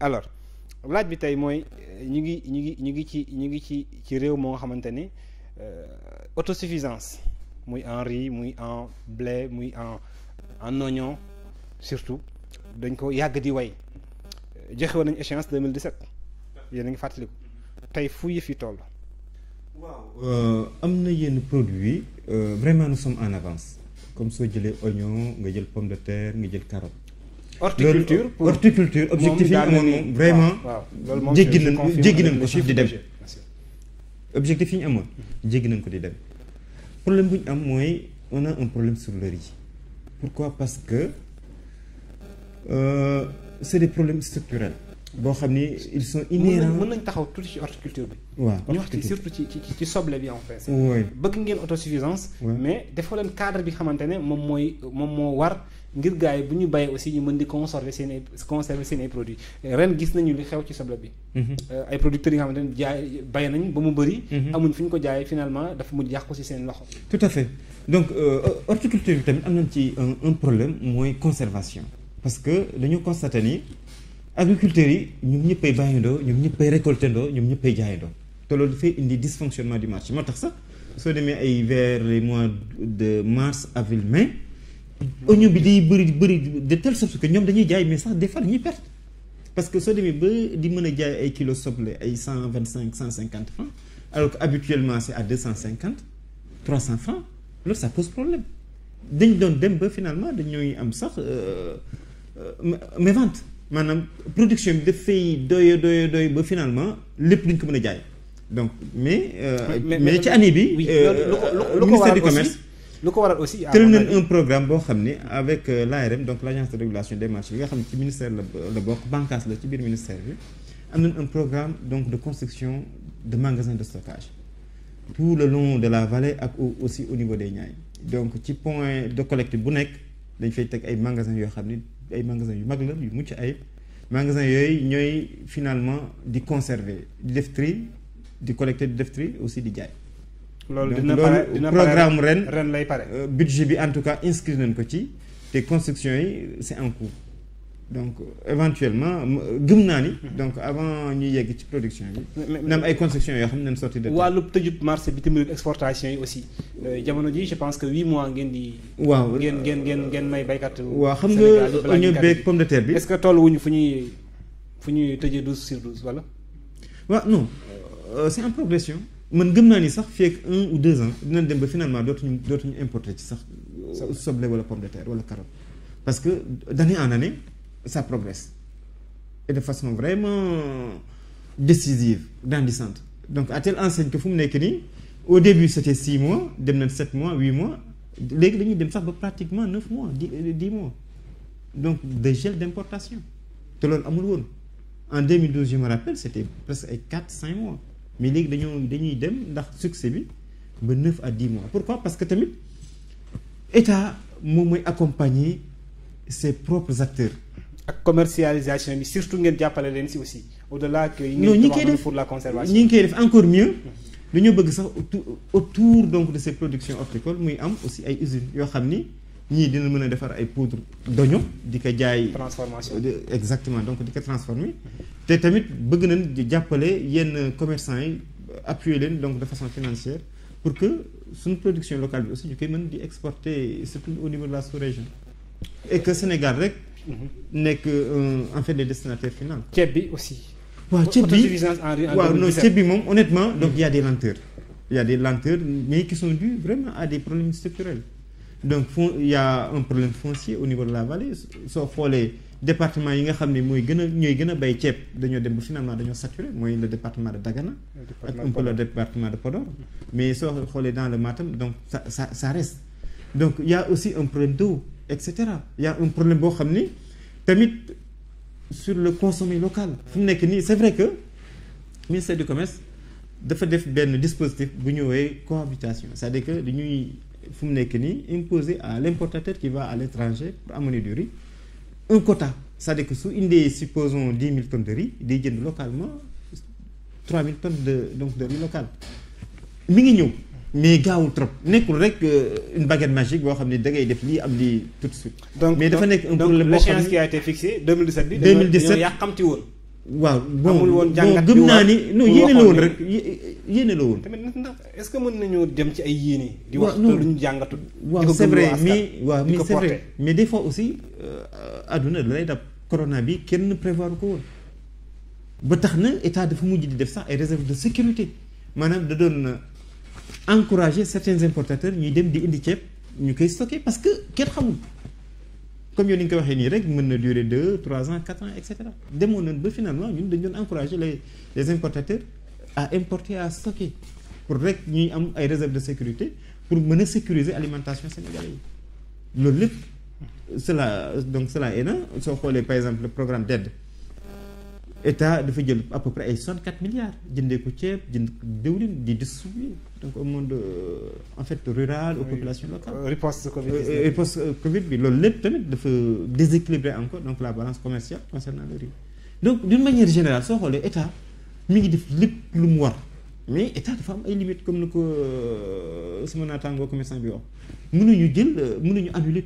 alors laaj bi tay moy euh, ñu ngi ñu ngi ñu ngi ci ñu ngi ci ci réew mo nga xamanteni euh autosuffisance muy en riz muy en blé muy en en oignon surtout dañ ko yag di way joxe woon nañu échéance 2017 yéen a ngi fàttaliku tey fu yëf toll. waaw euh, am na yenn produits euh, vraiment nous sommes en avance comme so jëlé oignon nga jël pomme de terre nga jël carotte horticulture horticulture objectif vraiment. objectif problème on a un problème sur le riz pourquoi parce que euh, c'est des problèmes structurels. boo ils sont inhérents mën nañ taxaw ci horticulture bi. wax ci surtout ci en fait. autosuffisance. mais des cadre bi war ngir gaay yi bu ñu bayee aussi ñu mën di conserver seen conserver seen ay produits ren gis nañu li xew ci soble bi. Mhm. Euh, ay producteurs yi nga xamante ne jaay bay nañ ba mu bëri. Mhm. amuñ fi ñu ko jaay finalement dafa mujj yàq ko ci seen loxo. tout à fait donc euh, horticulture bi tamit am nañ ci un problème mooy conservation. parce que dañu constaté ni agriculteurs yi ñoom ñëppay bàyyindoo ñoom ñëppay récolté ndoo ñoom ñëppay jaayindoo te loolu dafay indi dysfonctionnement du marché moo tax sax soo demee ay vers les mois de mars avril mai oignon bi day bëri bëri de telle sorte que les dañuy ont mais sax des fois perte parce que si demee ba di mën a ay kilo soble ay 125 150 francs alors que habituellement c'est à 250 300 francs ça pose problème dañ dem ba finalement dañuy am sax euh, euh mes ventes La production de feuilles, doy doy doy ba finalement lépp luñ ko a donc euh, mais, mais, mais année bi oui. Euh, ministère du commerce lu ko waral aussi. un programme boo avec euh, l'ARM donc l'agence de régulation des marchés bi ci ministère le la Banque, bànqaas ci ministère bi am un programme donc de construction de magasins de stockage tout le long de la vallée ak aussi au niveau des Niayes donc ci point de collecte bu nekk dañ fay teg ay magasins yoo xam ay magasins yu mag la yu mucc magasins yooyu ñooy finalement di conserver des fruits, tri di collecter di tri aussi di jaay loolu dina pare dina pare programme ren ren lay pare. Euh, budget bi en tout cas inscrit nañ ko ci te construction yi c' est en cours donc euh, éventuellement euh, gëm naa ni. Mhm. donc avant ñu yegg ci production bi. na ay construction yoo xam ne nañ sorti de. wàllu tëjub marché bi réew exportation yi aussi jamono ji je pense que huit mois ngeen di. waaw ngeen ngeen ngeen ngeen may baykat. waaw xam nga ñu beeg pomme de terre bi. est ce que toll wuñu fu ñuy fu ñuy tëjee douze sur douze wala. waaw non c' est en progression man gëm naa ni sax un ou deux ans On dem ba finalement dootuñu dootuñu importer ci sax. soble wala pomme de terre wala carotte. parce que d'année en année ça progresse et de façon vraiment décisive grandissante donc à telle enseigne que fu mu nekk au début c'était six mois dem sept mois huit mois léegi dañuy dem sax ba pratiquement neuf mois dix euh, mois donc des gel d'importation te loolu amul woon en 2012 je me rappelle c'était presque ay quatre cinq mois mais léegi ont dañuy dem ndax succès bi 9 à 10 mois pourquoi parce que l'État a accompagné accompagner ses propres acteurs. La commercialisation bi surtout ngeen parlé de si aussi au delà que. non pour la conservation Nous ngi encore mieux. nous bëgg sax autour donc de ces productions agricoles nous am aussi ay usines ñii dina mën a defar ay poudre d'oignon di ko euh, exactement donc di ko transformer. te tamit bëgg nañ jàppale yenn commerçants yi appuyer leen donc de façon financière pour que suñu production locale bi aussi ñu koy mën di exporter surtout au niveau de la sous-région. et que Sénégal n'est mhm. nekk euh, en fait les destinataire final. ceeb aussi. waaw bi honnêtement donc mhm. il y a des lenteurs. il y a des lenteurs mais qui sont dues vraiment à des problèmes structurels donc il y a un problème foncier au niveau de la vallée soo les départements yi nga xam ne mooy gën a ñooy gën a bay ceeb dañoo dem ba finalement dañoo saturé mooy le département de Dagana un peu le département de Podor mais soo xoolee dans le Matam donc ça ça ça reste donc il y a aussi un problème d'eau etc. il y a un problème boo xam ni tamit sur le consommé local fu mu nekk c'est vrai que ministère du commerce dafa def benn dispositif bu ñëwee cohabitation c'est-à-dire que nous il faut à l'importateur qui va à l'étranger pour amener du riz un quota ça à dire que une des supposons 10 tonnes de riz localement 3 tonnes de donc de riz local Mais méga a trop euh, une baguette magique tout de suite. donc mais qui a été fixé 2017 2017 yéene la woon. est ce que mën nañoo dem ci ay yéene. di wax lu ñu jàngatu. waaw c'est vrai mais waaw mais c'est vrai mais des fois aussi aduna euh, lay dab corona bi kenn prévoir ko woon. ba tax na état dafa mujj di def sax ay réserve de sécurité maanaam da doon euh, encourager certains importateurs ñuy dem di indi ceeb ñu koy stocké parce que kenn xamul. comme yow ni nga ko waxee nii rek mën na durer 2 3 ans 4 ans et cetera demoon nañ ba finalement ñun dañ doon encourager les les importateurs à importer, à stocker pour que nous am réserves de sécurité pour mener à sécuriser l'alimentation sénégalaise Le cela donc cela est là par exemple le programme d'aide l'État a fait à peu près 64 milliards a ko des jënd diwlin di donc au monde en fait rural aux populations locales. Euh, riposte Covid euh, euh, riposte Covid bi fait déséquilibrer encore donc la balance commerciale concernant le riz donc d'une manière générale soo état mi ngi def lépp lu mu war mais état dafa am ay limites comme ni ko euh, sama naataango commerçant bi wax mënuñu jël euh, mënuñu annuler